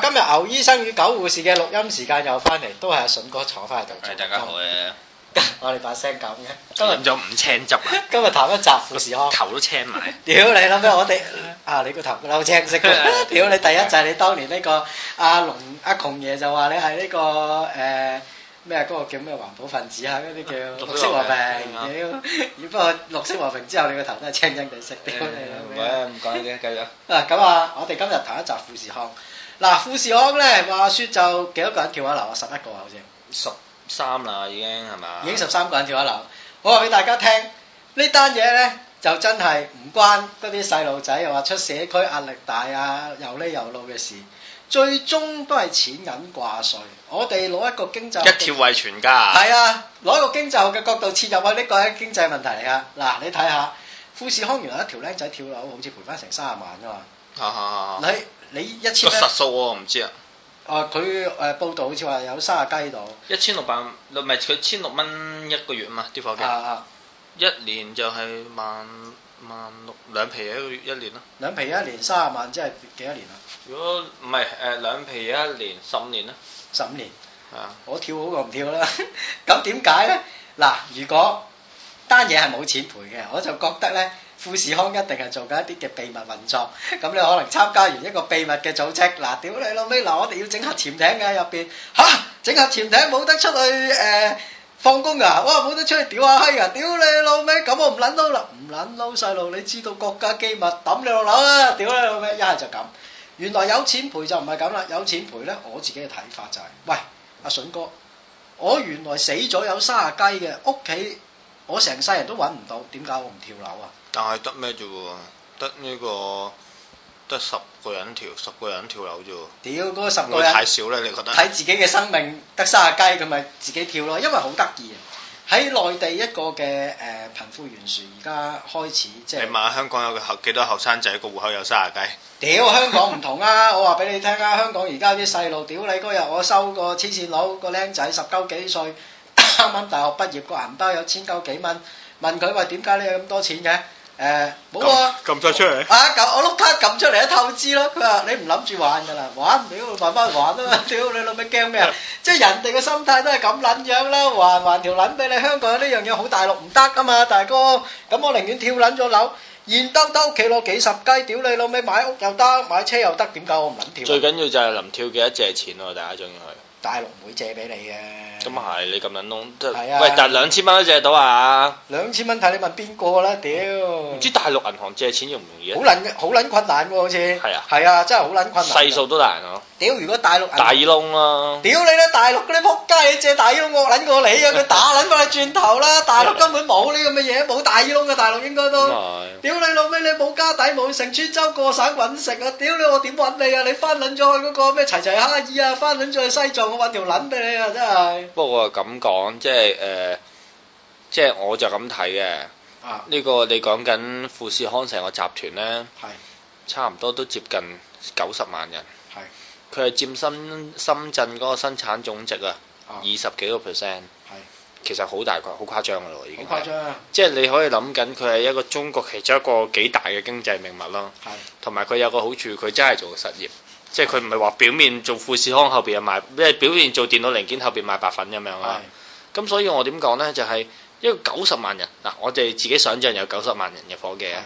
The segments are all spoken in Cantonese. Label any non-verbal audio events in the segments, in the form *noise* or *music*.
今日牛醫生與狗護士嘅錄音時間又翻嚟，都係阿筍哥坐翻喺度。大家好，我哋把聲咁嘅，今日飲咗五青汁啊！今日談一集《富士康》，頭都青埋。屌你諗咩？我哋啊，你個頭留青色。屌你第一就係你當年呢個阿龍阿窮爺就話你係呢個誒咩嗰個叫咩環保分子啊？嗰啲叫綠色和平。屌！不過綠色和平之後，你個頭都係青青地色。誒唔講呢啲，繼續。咁啊，我哋今日談一集《富士康》。嗱，富士康咧，話說就幾多個人跳下樓啊？十一個啊，好似十三啦，已經係嘛？已經十三個人跳下樓。我話俾大家聽，呢單嘢咧就真係唔關嗰啲細路仔又話出社區壓力大啊，又呢又老嘅事，最終都係錢銀掛帥。我哋攞一個經濟一跳為全家，係啊，攞一個經濟學嘅角度切入啊，呢個係經濟問題嚟啊。嗱，你睇下富士康原來一條僆仔跳樓，好似賠翻成三十萬咋嘛。啊啊啊！你你一千？個實數喎，唔知啊。啊，佢誒、呃、報道好似話有卅雞度，一千六百六，唔係佢千六蚊一個月嘛？啲伙記。啊、一年就係萬萬六兩皮一個月一年咯。兩皮一年卅萬，即係幾多年啊？皮年年啊，如果唔係誒，兩皮一年十五年咯。十五年。啊。啊我跳好過唔跳啦。咁點解咧？嗱、啊，如果單嘢係冇錢賠嘅，我就覺得咧。富士康一定係做緊一啲嘅秘密運作，咁你可能參加完一個秘密嘅組織，嗱，屌你老味，嗱我哋要整下潛艇嘅入邊，嚇，整下潛艇冇得出去誒放工噶，哇，冇得出去屌下閪啊，屌你老味，咁我唔撚撈啦，唔撚撈細路，你知道國家機密，揼你落樓啦，屌你老味，一係就咁，原來有錢賠就唔係咁啦，有錢賠咧，我自己嘅睇法就係，喂，阿筍哥，我原來死咗有卅雞嘅屋企。我成世人都揾唔到，點解我唔跳樓啊？但係得咩啫喎？得呢、呢個得十個人跳，十個人跳樓啫喎。屌，嗰、嗰個、十個人太少咧，你覺得？睇自己嘅生命得三廿雞，佢咪自己跳咯。因為好得意。喺內地一個嘅誒貧富懸殊，而家開始即係。你問香港有後幾多後生仔個戶口有三廿雞？屌，香港唔同啊！ *laughs* 我話俾你聽啊，香港而家啲細路，屌，你嗰日我收個黐線佬，個僆仔十鳩幾歲？啱啱大學畢業個銀包有千九幾蚊，問佢話點解你有咁多錢嘅？誒，冇啊！撳晒出嚟啊！撳我碌卡撳出嚟，一透支咯。佢話你唔諗住玩㗎啦，玩屌，慢慢玩啊嘛！屌你老味驚咩？即係人哋嘅心態都係咁撚樣啦，還還條撚俾你。香港呢樣嘢好大陸唔得㗎嘛，大哥。咁我寧願跳撚咗樓，現兜兜屋企攞幾十雞，屌你老味買屋又得，買車又得，點解我唔撚跳？最緊要就係臨跳幾多借錢喎，大家仲要去？大陸唔會借俾你嘅，咁啊係，你咁樣弄，即係喂，的但係兩千蚊都借到啊？兩千蚊睇你問邊個啦，屌，唔知大陸銀行借錢容唔容易啊？好撚好撚困難喎，好似係啊，係啊，真係好撚困難，細數都難啊！屌！如果大陸大耳窿咯，屌你啦！大陸嗰啲仆街借大耳窿惡捻過你啊！佢打捻過你轉頭啦！大陸根本冇呢咁嘅嘢，冇大耳窿嘅大陸應該都，屌你老味！你冇家底，冇成村周過省揾食啊！屌你我點揾你啊！你翻捻咗去嗰個咩齊齊哈爾啊，翻捻咗去西藏，我搵條捻俾你啊！真係。不過咁講，即係誒，即係我就咁睇嘅。啊。呢個你講緊富士康成個集團咧，係差唔多都接近九十萬人。佢係佔深深圳嗰個生產總值啊，二十幾個 percent，其實好大個，好誇張噶咯，已經。好誇、啊、即係你可以諗緊，佢係一個中國其中一個幾大嘅經濟命物咯。係是。同埋佢有，有個好處，佢真係做實業，是即係佢唔係話表面做富士康後邊賣，即係表面做電腦零件後邊賣白粉咁樣啦。咁是所以我點講咧？就係一個九十萬人嗱、啊，我哋自己想象有九十萬人入夥嘅，是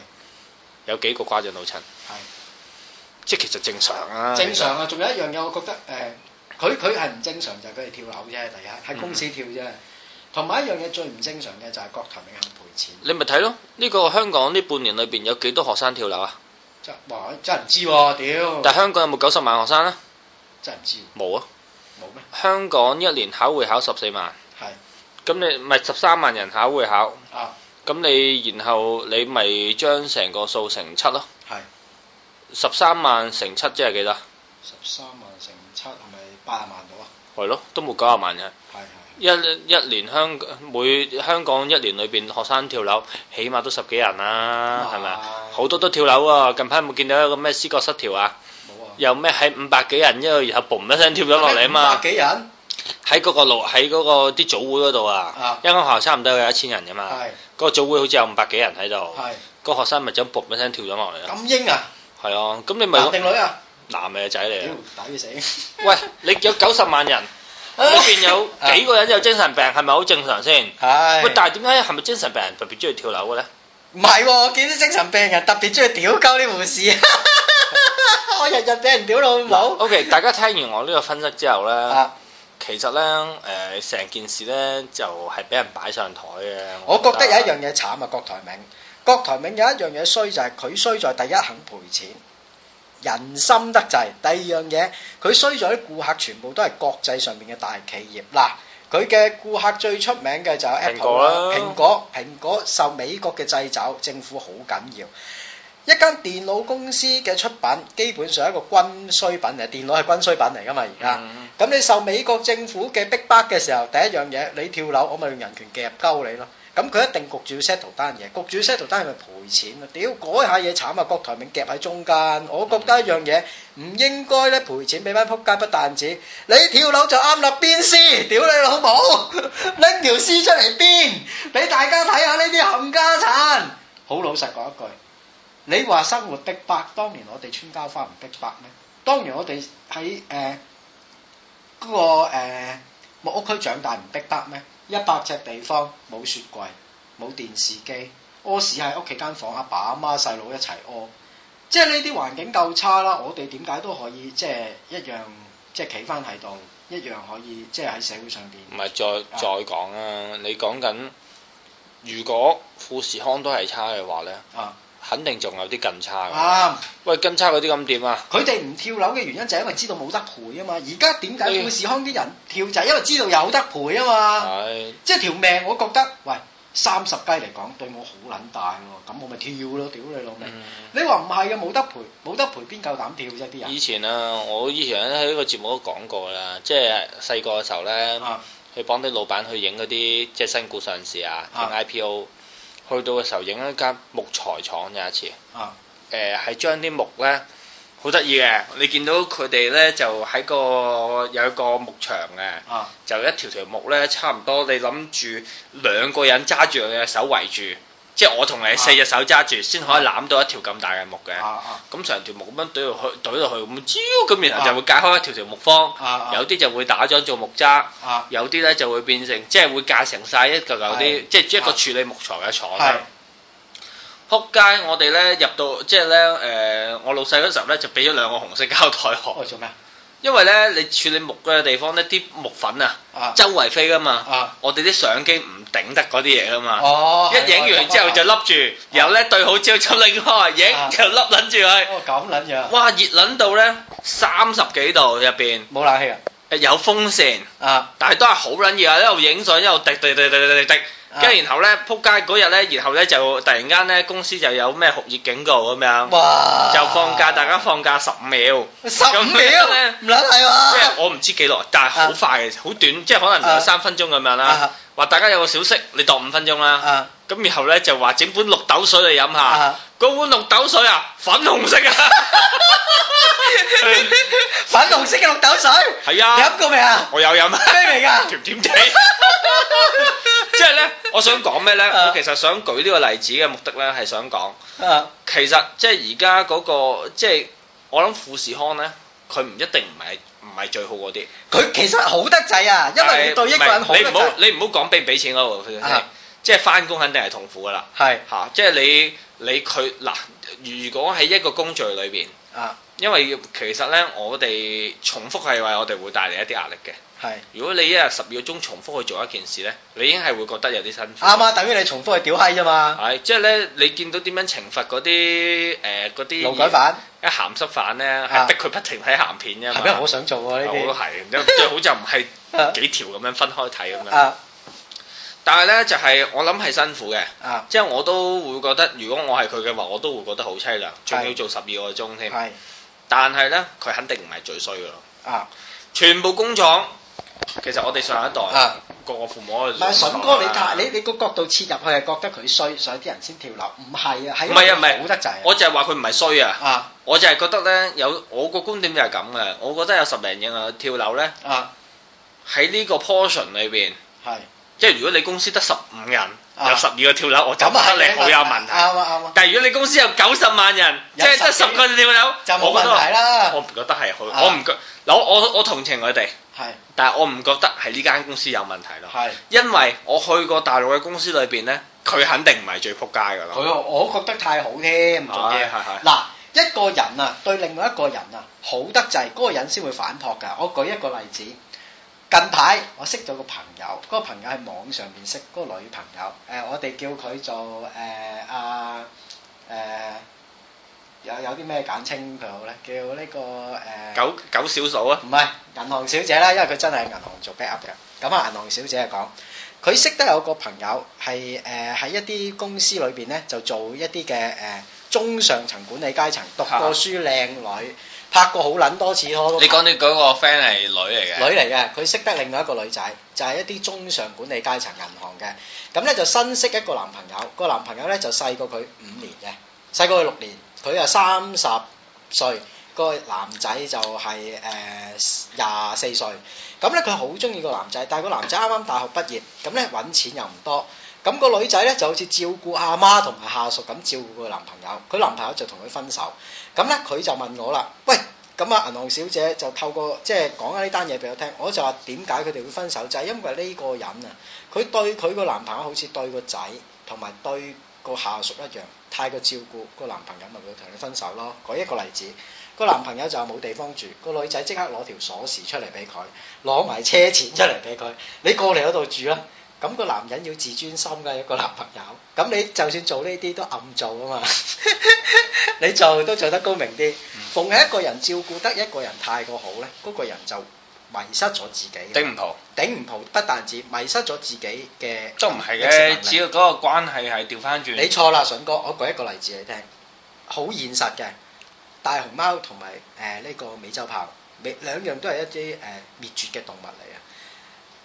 有幾個掛在腦層？係是。即係其實正常啊，正常啊，仲有一樣嘢，我覺得誒，佢佢係唔正常就係佢哋跳樓啫，第一係公司跳啫，同埋一樣嘢最唔正常嘅就係郭台銘肯賠錢。你咪睇咯，呢個香港呢半年裏邊有幾多學生跳樓啊？真話真係唔知喎，屌！但係香港有冇九十萬學生啊？真係唔知喎。冇啊。冇咩？香港一年考會考十四萬。係。咁你咪十三萬人考會考？啊。咁你然後你咪將成個數乘七咯。係。十三萬乘七即係幾多？十三萬乘七係咪八啊萬度啊？係咯，都冇九啊萬人。係係。一一年香每香港一年裏邊學生跳樓，起碼都十幾人啦，係咪啊？好的多都跳樓啊！近排有冇見到一個咩思覺失調啊？冇啊！又咩喺五百幾人一度然後，嘣一聲跳咗落嚟啊嘛！五百幾人喺嗰個喺嗰啲組會嗰度啊，一間學校差唔多有一千人㗎嘛，嗰的個組會好似有五百幾人喺度，的個學生咪就咁嘣一聲跳咗落嚟啊！咁應啊？係啊，咁你咪男定女啊？男嘅仔嚟啊！打你死！喂，你有九十萬人，呢邊 *laughs* 有幾個人有精神病，係咪好正常先？係唉。喂，但係點解係咪精神病人特別中意跳樓嘅咧？唔係、啊，我見啲精神病人特別中意屌鳩呢護士， *laughs* *laughs* 我日日俾人屌到唔好。嗯、o、okay, K，大家聽完我呢個分析之後咧，啊、其實咧，誒、呃，成件事咧就係、是、俾人擺上台嘅。我，我覺得有一樣嘢慘啊，郭台銘。郭台銘有一樣嘢衰就係佢衰在第一肯賠錢，人心得滯。第二樣嘢佢衰在啲顧客全部都係國際上面嘅大企業。嗱，佢嘅顧客最出名嘅就係 Apple 啦，蘋果蘋果受美國嘅掣肘，政府好緊要。一間電腦公司嘅出品基本上係一個軍需品嚟，電腦係軍需品嚟噶嘛而家。咁你受美國政府嘅逼迫嘅時候，第一樣嘢你跳樓，我咪用人權夾鳩你咯。咁佢一定焗住要 settle 單嘢，焗住要 settle 單係咪賠錢啊？屌，改下嘢慘啊！郭台銘夾喺中間，我覺得一樣嘢唔應該咧，賠錢俾翻撲街，不但止，你跳樓就啱嘞，鞭屍先！屌你老母，拎條屍出嚟鞭，俾大家睇下呢啲冚家鏟。好老實講一句，你話生活逼迫，當年我哋穿膠花唔逼迫咩？當年我哋喺誒嗰個誒木屋區長大唔逼得咩？一百呎地方冇雪櫃，冇電視機，屙屎喺屋企間房，阿爸阿媽細佬一齊屙，即係呢啲環境夠差啦。我哋點解都可以即係一樣，即係企翻喺度，一樣可以即係喺社會上邊。唔係再再講啊！啊你講緊如果富士康都係差嘅話咧啊！肯定仲有啲更差嘅。啊、喂，更差嗰啲咁點啊？佢哋唔跳樓嘅原因就係因為知道冇得賠啊嘛。而家點解會富士康啲人、嗯、跳就係因為知道有得賠啊嘛。係、嗯，即係條命，我覺得，喂，三十雞嚟講對我好撚大喎，咁我咪跳咯，屌老、嗯、你老味！你話唔係嘅，冇得賠，冇得賠邊夠膽跳啫啲人。以前啊，我以前喺呢個節目都講過啦，即係細個嘅時候咧，啊啊、去幫啲老闆去影嗰啲即係新股上市啊，影 IPO。去到嘅時候，影一間木材廠，有一次，誒係、啊呃、將啲木咧，好得意嘅，你見到佢哋咧就喺個有一個木牆嘅，啊、就一條條木咧差唔多，你諗住兩個人揸住佢嘅手圍住。即係我同你四隻手揸住，先可以攬到一條咁大嘅木嘅。咁成條木咁樣堆落去，堆落去咁招，咁然後就會解開一條條木方，啊啊、有啲就會打咗做木渣，啊、有啲呢就會變成即係、就是、會架成晒，一嚿嚿啲，即係是一個處理木材嘅廠啦。是嗯、撲街！我哋呢入到即係咧誒，我老細嗰時候呢，就俾咗兩個紅色膠袋我。做咩、哦？因為咧，你處理木嘅地方呢啲木粉啊，啊周圍飛噶嘛，啊、我哋啲相機唔頂得嗰啲嘢噶嘛，哦、一影完之後就笠住，哦、然後咧、嗯、對好焦，就拎開影，又笠撚住佢。咁撚嘢？哦、樣哇，熱撚到咧，三十幾度入邊，冇冷氣啊！誒，有風扇啊，但係都係好卵熱，一路影相一路滴滴滴滴滴滴，跟住然後咧扑街嗰日咧，然後咧就突然間咧公司就有咩酷熱警告咁樣，就放假大家放假十五秒，十五秒咩唔卵係嘛？即係我唔知幾耐，但係好快嘅，好短，即係可能兩三分鐘咁樣啦。話大家有個小息，你度五分鐘啦，咁然後咧就話整杯綠豆水嚟飲下。嗰碗綠豆水啊，粉紅色啊，粉紅色嘅綠豆水，係啊，飲過未啊？我有飲咩味噶？ *laughs* 甜甜哋，即 *laughs* 係 *laughs* 呢，我想講咩呢？ *laughs* 我其實想舉呢個例子嘅目的呢，係想講，其實即係而家嗰個即係、就是、我諗富士康呢，佢唔一定唔係唔係最好嗰啲，佢其實好得滯啊，但因為對一個人好但。你唔好你唔好講俾唔俾錢 *laughs* 即係翻工肯定係痛苦㗎啦，係嚇，即係你你佢嗱，如果喺一個工序裏邊啊，因為其實咧，我哋重複係為我哋會帶嚟一啲壓力嘅，係。如果你一日十二個鐘重複去做一件事咧，你已經係會覺得有啲辛苦。啱啊，等於你重複去屌閪啫嘛。係，即係咧，你見到點樣懲罰嗰啲誒嗰啲？勞改犯一鹹濕犯咧，係逼佢不停睇鹹片啫嘛。係咩？我唔想做喎呢啲。我都係，最好就唔係幾條咁樣分開睇咁樣。但係咧就係、是、我諗係辛苦嘅，啊、即係我都會覺得如果我係佢嘅話，我都會覺得好淒涼，仲要做十二個鐘添。是但係咧佢肯定唔係最衰噶咯，啊、全部工廠其實我哋上一代個、啊、個父母唔係。順、啊、哥你睇、啊、你你個角度切入去係覺得佢衰，所以啲人先跳樓。唔係啊，係因為苦得滯。我就係話佢唔係衰啊，我就係覺得咧有我個觀點就係咁嘅，我覺得有十零人跳樓咧喺呢個 portion 裏邊係。即係如果你公司得十五人有十二個跳樓，我就覺得你好有問題。啱啊，啱啊！但係如果你公司有九十萬人，即係得十個跳樓，就冇問題啦。我唔覺得係好，我唔覺我我同情佢哋。但係我唔覺得係呢間公司有問題咯。因為我去過大陸嘅公司裏邊呢，佢肯定唔係最撲街噶啦。我覺得太好添。嗱，一個人啊，對另外一個人啊，好得滯，嗰個人先會反撲噶。我舉一個例子。近排我識咗個朋友，嗰個朋友喺網上面識嗰個女朋友，誒我哋叫佢做誒阿誒有有啲咩簡稱佢好咧？叫呢個誒九九小數啊？唔係銀行小姐啦，因為佢真係喺銀行做 back up 嘅。咁啊，銀行小姐講佢識得有個朋友係誒喺一啲公司裏邊咧，就做一啲嘅誒中上層管理階層，讀過書，靚女。拍過好撚多次，我你講你講個 friend 係女嚟嘅，女嚟嘅，佢識得另外一個女仔，就係一啲中上管理階層銀行嘅，咁咧就新識一個男朋友，個男朋友咧就細過佢五年嘅，細過佢六年，佢啊三十歲，個男仔就係誒廿四歲，咁咧佢好中意個男仔，但係個男仔啱啱大學畢業，咁咧揾錢又唔多。咁個女仔咧就好似照顧阿媽同埋下屬咁照顧個男朋友，佢男朋友就同佢分手。咁咧佢就問我啦，喂，咁啊銀行小姐就透過即係講緊呢單嘢俾我聽。我就話點解佢哋會分手，就係因為呢個人啊，佢對佢個男朋友好似對個仔同埋對個下屬一樣，太過照顧個男朋友，咪會同佢分手咯。舉一個例子，個男朋友就冇地方住，個女仔即刻攞條鎖匙出嚟俾佢，攞埋車錢出嚟俾佢，你過嚟嗰度住啊。咁個男人要自尊心㗎，一個男朋友。咁你就算做呢啲都暗做啊嘛， *laughs* 你做都做得高明啲。逢係一個人照顧得一個人太過好咧，嗰個人就迷失咗自己。頂唔住。頂唔住，不但止迷失咗自己嘅，都唔係嘅。只要嗰個關係係調翻轉。你錯啦，筍哥，我舉一個例子你聽，好現實嘅，大熊貓同埋誒呢個美洲豹，兩樣都係一啲誒滅絕嘅動物嚟啊。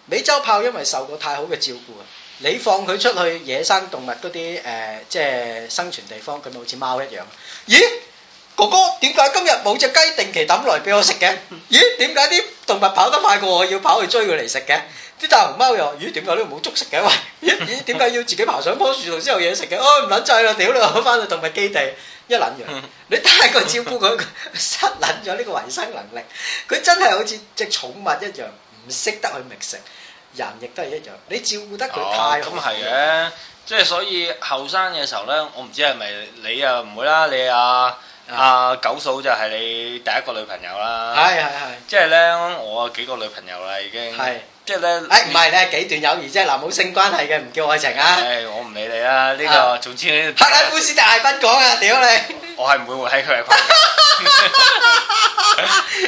美洲豹因為受過太好嘅照顧，你放佢出去野生動物嗰啲誒，即係生存地方，佢咪好似貓一樣。咦，哥哥點解今日冇隻雞定期抌來俾我食嘅？咦，點解啲動物跑得快過我要跑去追佢嚟食嘅？啲大熊貓又咦，點解呢冇粥食嘅？喂，咦咦，點解要自己爬上棵樹度先有嘢食嘅？哦，唔捻制啦，屌你，翻去動物基地一捻嘅，你太過照顧佢，失捻咗呢個維生能力，佢真係好似隻寵物一樣。唔識得去覓食，人亦都係一樣。你照顧得佢太，咁係嘅，即係所以後生嘅時候咧，我唔知係咪你又唔會啦，你阿阿九嫂就係你第一個女朋友啦。係係係。即係咧，我幾個女朋友啦已經。係。即係咧，哎，唔係，你係幾段友誼啫，嗱，冇性關係嘅唔叫愛情啊。哎，我唔理你啦，呢個總之。柏拉夫斯大芬講啊，屌你！我係唔會活喺佢嘅群。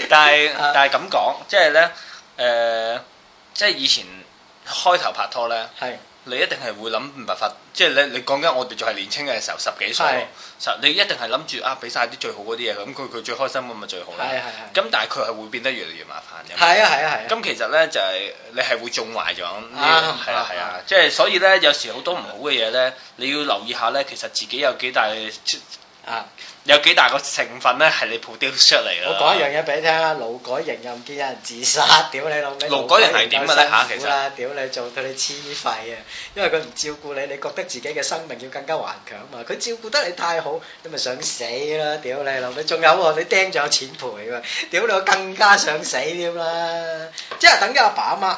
但係但係咁講，即係咧。誒、呃，即係以前開頭拍拖咧，是的 你一定係會諗唔辦法，即係你你講緊我哋仲係年輕嘅時候，十幾歲，是的 你一定係諗住啊，俾曬啲最好嗰啲嘢咁，佢、嗯、佢最開心咁咪最好啦。咁但係佢係會變得越嚟越麻煩嘅。咁其實咧就係、是、你係會縱壞咗。係啊係啊，即係所以咧有時多好多唔好嘅嘢咧，你要留意下咧，其實自己有幾大。啊！有幾大個成分咧，係你鋪屌出嚟嘅。我講一樣嘢俾你聽啦：勞改營又唔見有人自殺，屌你老！勞改營係點嘅咧嚇？活其實 屌你做對你黐肺啊！因為佢唔照顧你，你覺得自己嘅生命要更加頑強嘛。佢照顧得你太好，你咪想死啦！屌你老，你仲有喎，你釘咗有錢賠啊！屌你更加想死添啦！即係等緊阿爸阿媽。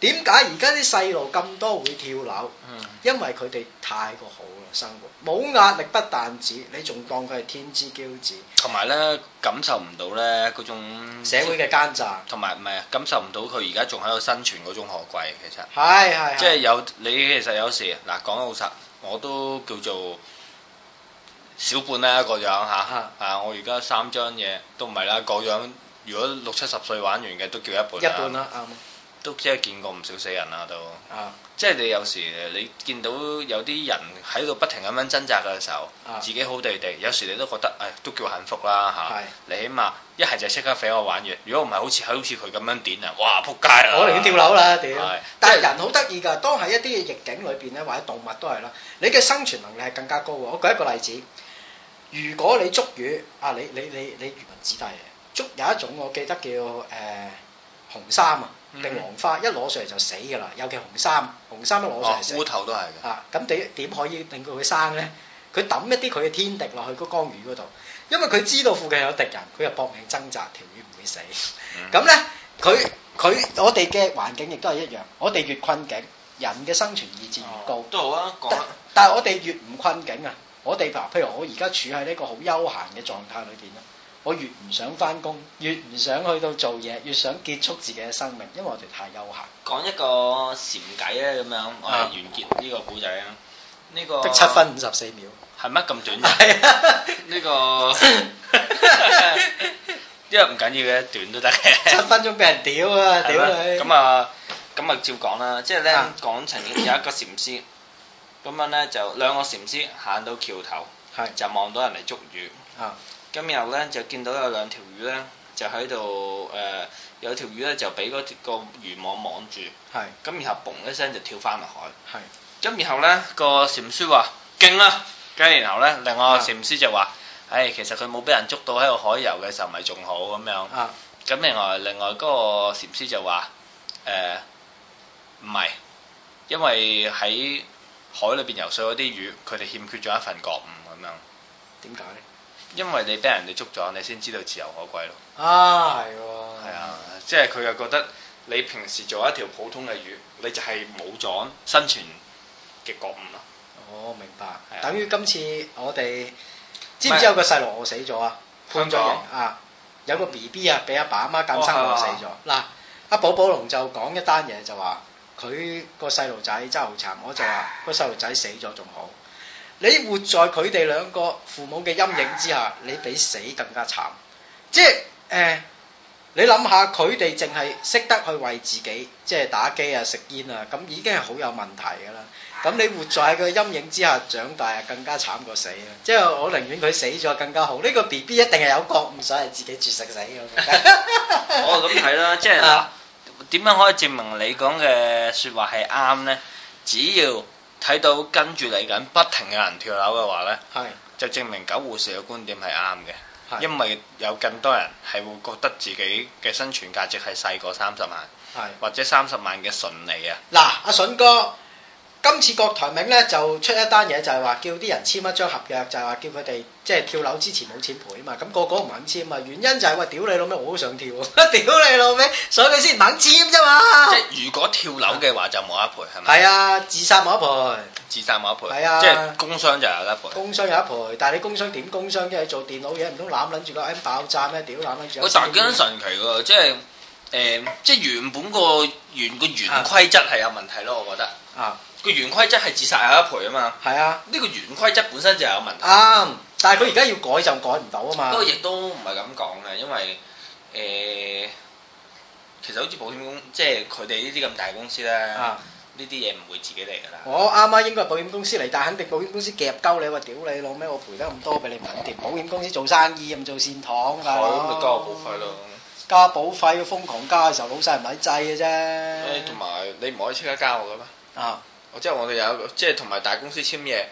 點解而家啲細路咁多會跳樓？嗯，因為佢哋太過好啦，生活冇壓力，不但止，你仲當佢係天之驕子。同埋咧，感受唔到咧嗰種社會嘅奸詐，同埋唔係感受唔到佢而家仲喺度生存嗰種可貴，其實係係即係有的你其實有時嗱講老實，我都叫做小半啦，一個樣吓的啊！我而家三張嘢都唔係啦，個樣如果六七十歲玩完嘅都叫一半一半啦。啱、啊。都即係見過唔少死人啦，都，啊、即係你有時你見到有啲人喺度不停咁樣掙扎嘅時候，啊、自己好地地，有時你都覺得，誒，都叫幸福啦嚇是、啊。你起碼一係就即刻畀我玩完，如果唔係好似好似佢咁樣點啊，哇，撲街啦！我寧願跳樓啦，屌是！是但係人好得意㗎，當喺一啲嘅逆境裏邊咧，或者動物都係啦，你嘅生存能力係更加高嘅。我舉一個例子，如果你捉魚，啊，你你你你漁民子弟捉有一種我記得叫誒紅衫啊。呃嗯、定黃花一攞上嚟就死噶啦，尤其紅衫，紅衫一攞上嚟死。烏、呃、頭都係嘅。啊，咁點點可以令到佢生咧？佢抌一啲佢嘅天敵落去嗰缸魚嗰度，因為佢知道附近有敵人，佢又搏命掙扎，條魚唔會死。咁咧、嗯，佢佢的我哋嘅環境亦都係一樣，我哋越困境，人嘅生存意志越高。啊、都好啊，講。但係我哋越唔困境啊，我哋譬如我而家處喺呢個好悠閒嘅狀態裏邊啦。我越唔想翻工，越唔想去到做嘢，越想結束自己嘅生命，因為我哋太悠閒。講一個禪偈咧咁樣，我哋完結呢個古仔啦。呢、呢個七分五十四秒，係乜咁短？呢啊，呢、呢個唔 *laughs* *laughs* 緊要嘅，短都得嘅。七分鐘俾人屌啊！屌你！咁啊咁啊，照講啦，即係咧講曾經，有一個禪師，咁樣咧就兩個禪師行到橋頭，啊、就望到人嚟捉魚。咁然後咧就見到有兩條魚咧，就喺度誒，有條魚咧就俾嗰、那個漁網網住，係是。咁然後嘣一聲就跳翻落海，係是。咁然後咧個禪師話勁啦、啊，咁然後咧另外禪師就話，唉、哎，其實佢冇俾人捉到喺個海游嘅時候咪仲好咁樣，咁是另外另外嗰個禪師就話，誒唔係，因為喺海裏邊游水嗰啲魚，佢哋欠缺咗一份覺悟咁樣。點解咧？因為你俾人哋捉咗，你先知道自由可貴咯。啊，係喎。係啊，啊啊即係佢又覺得你平時做一條普通嘅魚，你就係冇咗生存嘅覺悟啦。哦，明白。啊、等於今次我哋知唔知有個細路我死咗啊？香港判咗刑啊！有個 B B 啊，俾阿爸阿媽監生，我死咗。嗱、哦，阿寶寶龍就講一單嘢就話，佢個細路仔真係好慘，我就話個細路仔死咗仲好。你活在佢哋兩個父母嘅陰影之下，你比死更加慘。即係誒、呃，你諗下佢哋淨係識得去為自己，即係打機啊、食煙啊，咁已經係好有問題噶啦。咁你活在喺個陰影之下長大啊，更加慘過死啊。即係我寧願佢死咗更加好。呢、這個 B B 一定係有覺悟，所以自己絕食死咁。哦，咁係啦，即係點、啊、樣可以證明你講嘅說話係啱呢？只要。睇到跟住嚟緊不停有人跳樓嘅話咧，的就證明狗護士嘅觀點係啱嘅，的因為有更多人係會覺得自己嘅生存價值係細過三十萬，的或者三十萬嘅順利啊。嗱，阿笋哥。今次郭台銘咧就出一單嘢，就係話叫啲人簽一張合約，就係話叫佢哋即係跳樓之前冇錢賠啊嘛。咁個個唔肯簽啊，原因就係話：屌你老味，我好想跳！屌你老味，所以你先唔肯簽啫嘛。即係如果跳樓嘅話，啊、就冇得賠，係咪？係啊，自殺冇得賠，自殺冇得賠，係啊，即係工傷就有得賠。工傷有得賠，但係你工傷點工傷？即係做電腦嘢，唔通攬撚住個 M 爆炸咩？屌攬撚住！我覺得神奇咯，即係誒，即係原本個原個原規則係有問題咯，我覺得啊。個原規則係自殺有一賠啊嘛，係啊，呢個原規則本身就係有問題，啱、嗯，但係佢而家要改就改唔到啊嘛。不過亦都唔係咁講嘅，因為誒、呃，其實好似保險公即係佢哋呢啲咁大公司咧，呢啲嘢唔會自己嚟噶啦。我啱啱應該係保險公司嚟，但係肯定保險公司夾鳩你話屌你老咩，我賠得咁多俾你唔肯掂，保險公司做生意咁做善堂噶。咁咪交保費咯，交保費，要瘋狂加嘅時候老細唔抵制嘅啫。同埋、欸、你唔可以即刻交我嘅咩？啊。即係我哋有一個，即係同埋大公司簽嘢，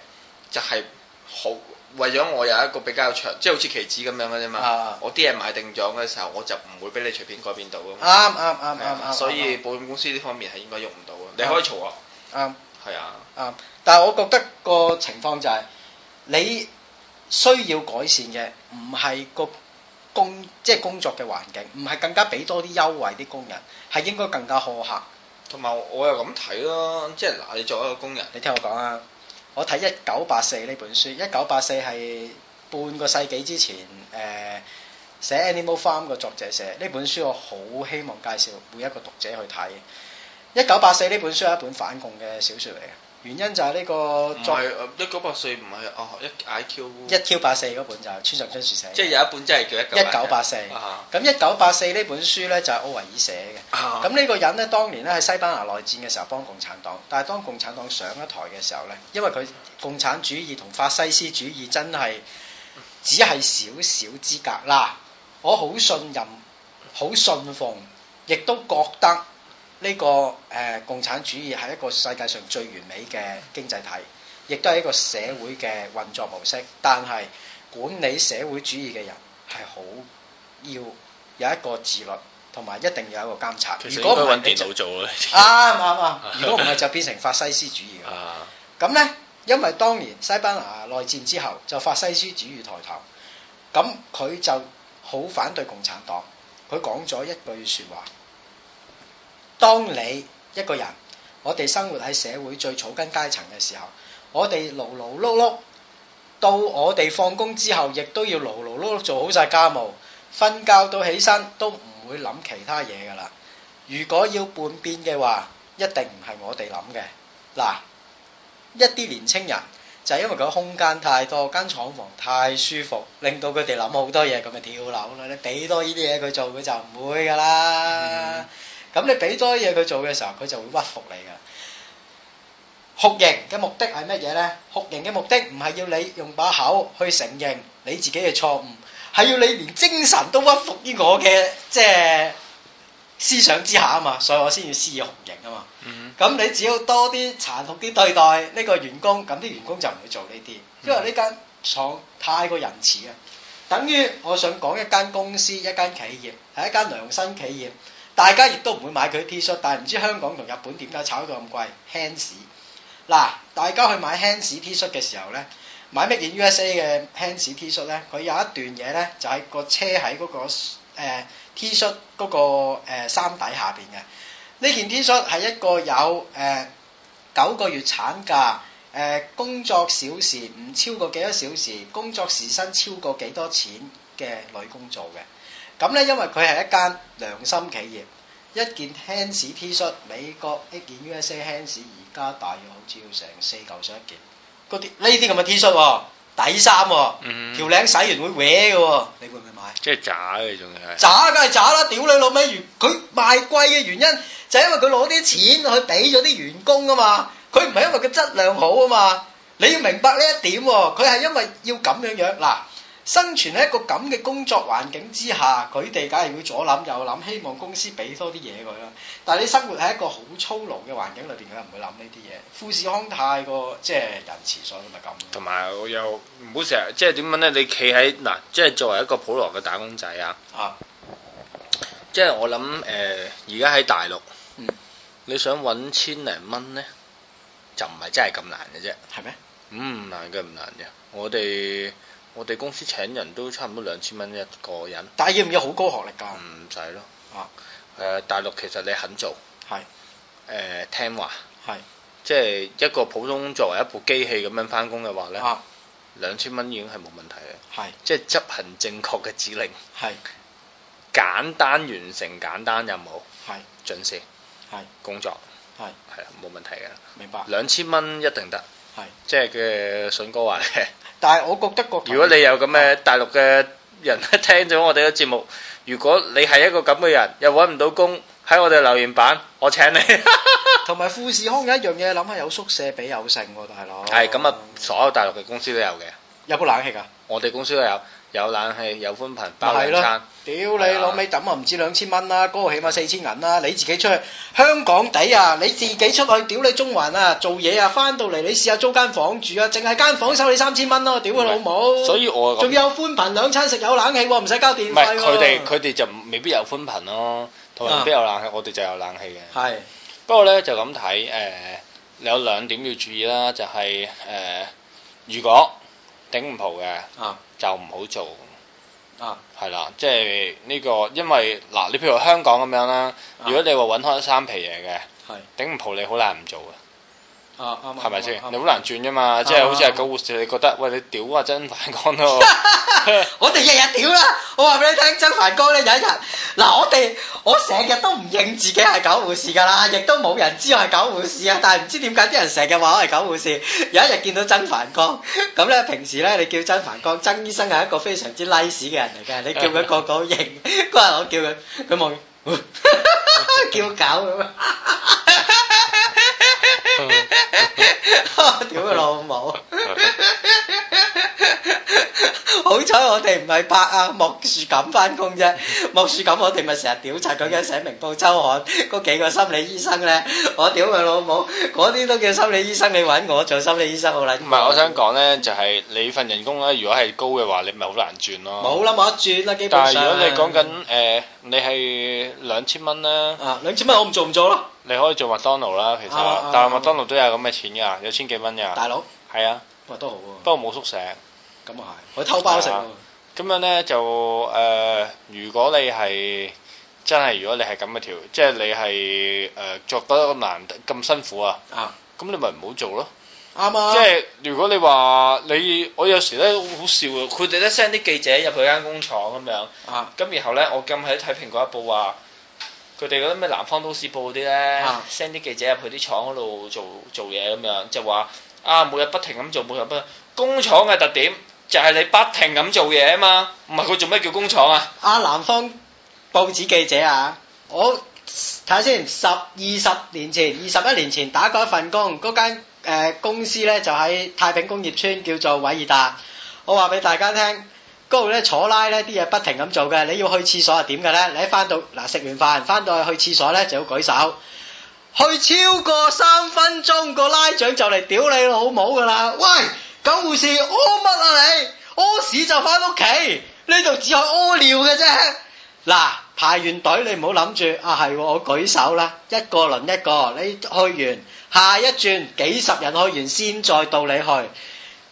就係好，為咗我有一個比較長，即係好似期指咁樣嘅啫嘛。的我啲嘢買定咗嘅時候，我就唔會俾你隨便改變到啊。啱啱啱啱，的所以保險公司呢方面係應該用唔到啊。你可以嘈啊。啱。係啊。啱。但係我覺得個情況就係，你需要改善嘅唔係個工，即係工作嘅環境，唔係更加俾多啲優惠啲工人，係應該更加苛刻。同埋我又咁睇咯，即係嗱，你作為一個工人，你聽我講啊，我睇《一九八四》呢本書，《一九八四》係半個世紀之前誒、呃、寫 Animal Farm 個作者寫呢本書，我好希望介紹每一個讀者去睇《一九八四》呢本書係一本反共嘅小説嚟嘅。原因就係呢、這個，唔一九八四唔係哦，一 I, I Q，一 Q 八四嗰本就村、是 oh, 上春樹寫，即係有一本真係叫一九八四，咁一九八四呢本書咧就係奧維爾寫嘅，咁呢、uh huh. 個人咧當年咧喺西班牙內戰嘅時候幫共產黨，但係當共產黨上咗台嘅時候咧，因為佢共產主義同法西斯主義真係只係少少之隔嗱，我好信任、好信奉，亦都覺得。呢、這個誒、呃、共產主義係一個世界上最完美嘅經濟體，亦都係一個社會嘅運作模式。但係管理社會主義嘅人係好要有一個自律，同埋一定要有一個監察。其實應該揾電腦做啊，啱啊！如果唔係就變成法西斯主義。 *laughs* 啊。咁咧，因為當年西班牙內戰之後，就法西斯主義抬頭。咁佢就好反對共產黨，佢講咗一句説話。當你一個人，我哋生活喺社會最草根階層嘅時候，我哋勞勞碌碌，到我哋放工之後，亦都要勞勞碌碌做好晒家務，瞓覺到起身都唔會諗其他嘢噶啦。如果要叛變嘅話，一定唔係我哋諗嘅。嗱，一啲年青人就係因為佢空間太多，間廠房太舒服，令到佢哋諗好多嘢，咁咪跳樓咯。你俾多呢啲嘢佢做，佢就唔會噶啦。嗯咁你俾多啲嘢佢做嘅時候，佢就會屈服你噶。酷刑嘅目的係乜嘢呢？酷刑嘅目的唔係要你用把口去承認你自己嘅錯誤，係要你連精神都屈服於我嘅即係思想之下啊嘛！所以我先要施以酷刑啊嘛。咁、mm hmm. 你只要多啲殘酷啲對待呢個員工，咁啲員工就唔會做呢啲，因為呢間廠太過仁慈啊。等於我想講一間公司，一間企業係一間良心企業。大家亦都唔會買佢 T 恤，shirt, 但係唔知香港同日本點解炒到咁貴？Hands 嗱，大家去買 Hands T 恤嘅時候咧，買乜件 USA 嘅 Hands T 恤咧？佢有一段嘢咧，就喺、是那個車喺嗰個 T 恤嗰個衫底下邊嘅。呢件 T 恤係一個有誒九、呃、個月產假、誒、呃、工作小時唔超過幾多小時、工作時薪超過幾多錢嘅女工做嘅。咁咧，因為佢係一間良心企業，一件 Hans T 恤，shirt, 美國一件 USA Hans 而家大約好似要成四嚿水一件，嗰啲呢啲咁嘅 T 恤、哦，底衫、哦，嗯、條領洗完會歪嘅、哦，你會唔會買？即係渣嘅仲係？渣。梗係渣啦，屌你老味！原佢賣貴嘅原因就係因為佢攞啲錢去俾咗啲員工啊嘛，佢唔係因為佢質量好啊嘛，你要明白呢一點喎、哦，佢係因為要咁樣樣嗱。生存喺一個咁嘅工作環境之下，佢哋梗係會左諗右諗，希望公司俾多啲嘢佢啦。但係你生活喺一個好操勞嘅環境裏邊，佢唔會諗呢啲嘢。富士康太過即係仁慈，所以咪咁，同埋我又唔好成日即係點樣咧？你企喺嗱，即係作為一個普羅嘅打工仔啊，啊、呃，即係我諗誒，而家喺大陸，嗯、你想揾千零蚊咧，就唔係真係咁難嘅啫。係咩嗎？唔、嗯、難嘅唔難嘅。我哋。我哋公司請人都差唔多兩千蚊一個人，但係要唔要好高學歷㗎？唔使咯，啊，誒大陸其實你肯做，係誒聽話，係即係一個普通作為一部機器咁樣返工嘅話咧，兩千蚊已經係冇問題嘅，係即係執行正確嘅指令，係簡單完成簡單任務，係準時，係工作，係係啊冇問題嘅，明白兩千蚊一定得，係即係嘅信哥話嘅。但係我覺得，如果你有咁嘅大陸嘅人聽咗我哋嘅節目，如果你係一個咁嘅人，又揾唔到工，喺我哋留言板，我請你。同埋富士康有一樣嘢諗下，有宿舍俾有剩喎，大佬。係咁啊！所有大陸嘅公司都有嘅。有冇冷氣啊？我哋公司都有。有冷氣，有寬頻，包兩餐。屌的的你老味，抌啊唔止兩千蚊啦，嗰、那個起碼四千銀啦！你自己出去香港地啊，你自己出去，屌你中環啊，做嘢啊，翻到嚟你試下租間房住啊，淨係間房收你三千蚊咯，屌佢老母！的好好，所以我仲有寬頻我兩餐食，有冷氣喎、啊，唔使交電費。佢哋佢哋就未必有寬頻咯，同人未必有冷氣，我哋就有冷氣嘅。係的的不過咧，就咁睇誒，呃、你有兩點要注意啦，就係、是、誒、呃，如果頂唔住嘅。啊。啊就唔好做，啊，係啦，即係呢個，因為嗱，你譬如香港咁樣啦，如果你話搵開三皮嘢嘅，係頂唔住你好難唔做嘅，啊，係咪先？你好難轉噶嘛，即係好似係狗護士，你覺得喂你屌啊真反光咯。我哋日日屌啦！我話俾你聽，曾凡哥咧有一日，嗱我哋我成日都唔認自己係狗護士㗎啦，亦都冇人知我係狗護士啊！但係唔知點解啲人成日話我係狗護士。有一日見到曾凡哥，咁咧平時咧你叫曾凡哥，曾醫生係一個非常之 nice 嘅人嚟嘅。你叫佢個個,個,個認嗰日 *laughs* 我叫佢，佢望 *laughs* 叫狗咁。 *laughs* 哈！屌佢老母！好彩我哋唔係拍阿莫樹錦翻工啫，莫樹錦我哋咪成日調查佢嘅《寫明報週刊》嗰幾個心理醫生咧，我屌佢老母，嗰啲都叫心理醫生，你揾我做心理醫生好啦。唔係我想講咧，就係你份人工咧，如果係高嘅話，你咪好難轉咯。冇啦，冇得轉啦，基本上。但係如果你講緊誒，你係兩千蚊啦。啊，兩千蚊我唔做唔做咯。你可以做麥當勞啦，其實，啊啊、但係麥當勞都有咁嘅錢㗎，啊、有千幾蚊㗎。大佬哥，係啊，不過都好喎、啊。不過冇宿舍。咁啊係，可以偷包食。咁、啊、樣咧就誒、呃，如果你係真係，如果你係咁嘅條，即係你係誒做得咁難咁辛苦啊。啊，咁你咪唔好做咯。啱啊。即係如果你話你，我有時咧好笑啊，佢哋咧 send 啲記者入去間工廠咁樣。啊。咁、啊、然後咧，我今日喺睇《蘋果日報》話。佢哋嗰啲咩南方都市報啲咧，send 啲記者入去啲廠嗰度做做嘢咁樣，就話啊每日不停咁做，每日不停。工廠嘅特點就係你不停咁做嘢啊嘛，唔係佢做咩叫工廠啊？阿、啊、南方報紙記者啊，我睇下先，十二十年前、二十一年前打過一份工，嗰間、呃、公司咧就喺太平工業村叫做偉爾達，我話俾大家聽。嗰度咧坐拉咧啲嘢不停咁做嘅，你要去廁所係點嘅咧？你一翻到嗱，食完飯翻到去廁所咧就要舉手，去超過三分鐘個拉長就嚟屌你老母噶啦！喂，咁護士屙乜啊你？屙屎就翻屋企，呢度只係屙尿嘅啫。嗱，排完隊你唔好諗住啊係我舉手啦，一個輪一個，你去完下一轉幾十人去完先再到你去。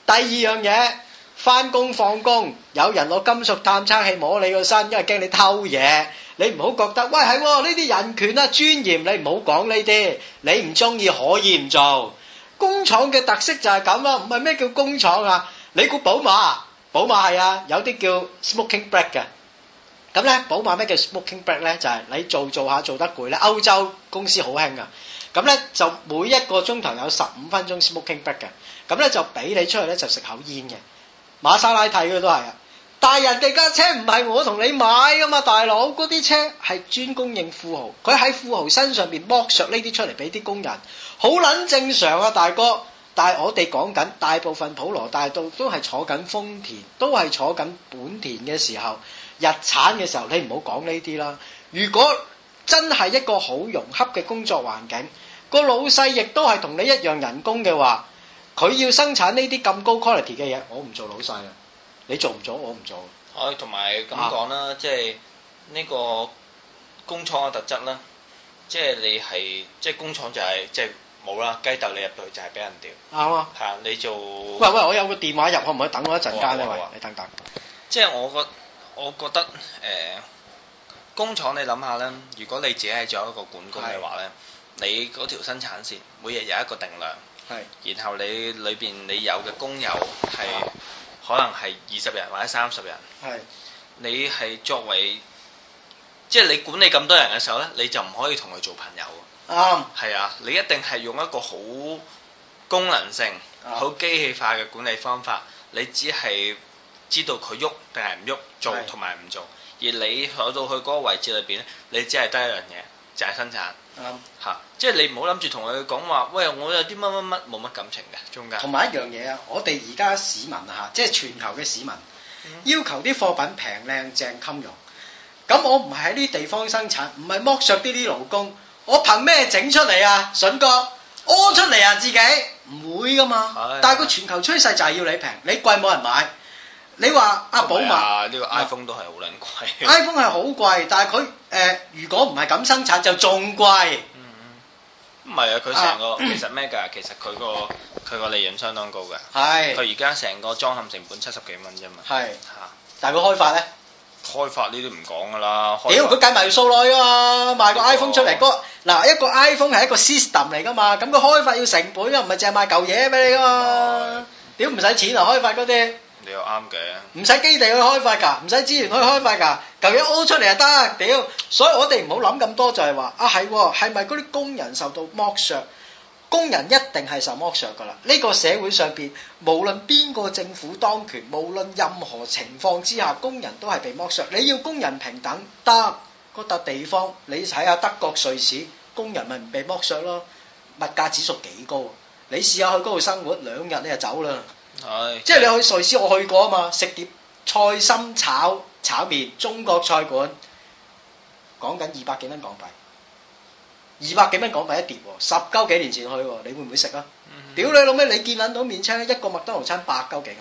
第二樣嘢。翻工放工，有人攞金屬探測器摸你個身，因為驚你偷嘢。你唔好覺得，喂係呢啲人權啊、尊嚴，你唔好講呢啲。你唔中意可以唔做。工廠嘅特色就係咁咯，唔係咩叫工廠啊？你估寶馬？寶馬係啊，有啲叫 smoking break 嘅。咁咧，寶馬咩叫 smoking break 咧？就係你做做下做得攰咧，歐洲公司好興噶。咁咧就每一個鐘頭有十五分鐘 smoking break 嘅，咁咧就俾你出去咧就食口煙嘅。馬莎拉蒂嘅都係啊，但係人哋架車唔係我同你買噶嘛，大佬，嗰啲車係專供應富豪，佢喺富豪身上邊剝削呢啲出嚟俾啲工人，好撚正常啊，大哥！但係我哋講緊大部分普羅大度都係坐緊豐田，都係坐緊本田嘅時候，日產嘅時候，你唔好講呢啲啦。如果真係一個好融洽嘅工作環境，個老細亦都係同你一樣人工嘅話。佢要生產呢啲咁高 quality 嘅嘢，我唔做老細啦。你做唔做？我唔做。我同埋咁講啦，啊、即係呢個工廠嘅特質啦。即係你係即係工廠就係、是、即係冇啦，雞竇你入到去就係俾人屌。啱啊，啊。係啊，你做。喂喂，我有個電話入，可唔可以等我一陣間咧？喂，你等等。即係我覺得，我覺得誒、呃，工廠你諗下咧，如果你自己係做一個管工嘅話咧，的你嗰條生產線每日有一個定量。然後你裏邊你有嘅工友係、啊、可能係二十人或者三十人，係是你係作為即係你管理咁多人嘅時候咧，你就唔可以同佢做朋友㗎。啱、啊，係啊，你一定係用一個好功能性、好、啊、機器化嘅管理方法，你只係知道佢喐定係唔喐，做同埋唔做，而你坐到去嗰個位置裏邊咧，你只係得一樣嘢。生產啱嚇，即係對、就是、你唔好諗住同佢講話，喂，我有啲乜乜乜冇乜感情嘅中間。同埋一樣嘢啊，我哋而家市民嚇，即係全球嘅市民、嗯、要求啲貨品平靚正襟用，咁我唔係喺呢啲地方生產，唔係剝削啲啲勞工，我憑咩整出嚟啊？筍哥屙出嚟啊！自己唔會噶嘛，的但係個全球趨勢就係要你平，你貴冇人買。你話啊，阿寶買呢個 iPhone 都係好撚貴。iPhone 係好貴，但係佢誒，如果唔係咁生產就仲貴。唔係啊，佢成個其實咩㗎？其實佢個佢個利潤相當高嘅。係。佢而家成個裝嵌成本七十幾蚊啫嘛。係。嚇！但係佢開發咧？開發呢啲唔講㗎啦。屌，佢計埋佢數落㗎嘛，賣個 iPhone 出嚟嗰嗱一個 iPhone 係一個 system 嚟㗎嘛，咁佢開發要成本啊，唔係淨係賣嚿嘢俾你㗎嘛。屌，唔使錢啊，開發嗰啲。你又啱嘅，唔使基地去開發㗎，唔使資源去開發㗎，究竟屙出嚟就得，屌！所以我哋唔好諗咁多，就係話啊，係喎，係咪嗰啲工人受到剝削？工人一定係受剝削㗎啦！呢個社會上邊，無論邊個政府當權，無論任何情況之下，工人都係被剝削。你要工人平等得嗰笪地方，你睇下德國、瑞士，工人咪唔被剝削咯？物價指數幾高？你試下去嗰度生活兩日，你就走啦。係，即係你去瑞士，我去過啊嘛，食碟菜心炒炒麵，中國菜館，講緊二百幾蚊港幣，二百幾蚊港幣一碟，十鳩幾年前去，你會唔會食啊？屌、嗯、你老味，你見捻到面青，一個麥當勞餐百鳩幾銀，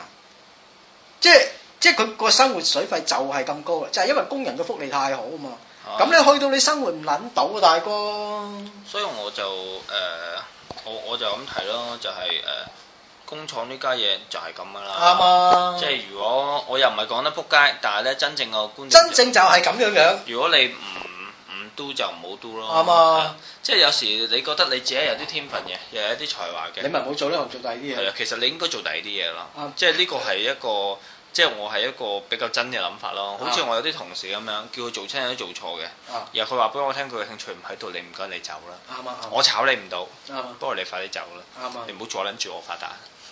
即係即係佢個生活水費就係咁高嘅，就係因為工人嘅福利太好啊嘛。咁、嗯、你去到你生活唔捻到啊，大哥。所以我就誒、呃，我我就咁睇咯，就係、是、誒。呃工廠呢家嘢就係咁噶啦嗎，啱啊！即係如果我又唔係講得扑街，但係咧真正個觀，真正，真正就係咁樣樣。如果你唔唔 do 就唔好 do 咯，啱啊嗎！即係有時你覺得你自己有啲天分嘅，又有啲才華嘅，你咪唔好做呢行做第二啲嘢。係啊，其實你應該做第二啲嘢咯。嗎即係呢個係一個，即係我係一個比較真嘅諗法咯。好似我有啲同事咁樣，叫佢做親人都做錯嘅，嗎然後佢話俾我聽佢嘅興趣唔喺度，你唔該你走啦。啱啊嗎，我炒你唔到，嗎不過你快啲走啦，啱啊嗎！你唔好阻撚住我發達。啱啱，即係對、就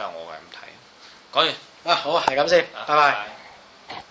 是、我係咁睇。講完啊，好啊，係咁先，拜拜。拜拜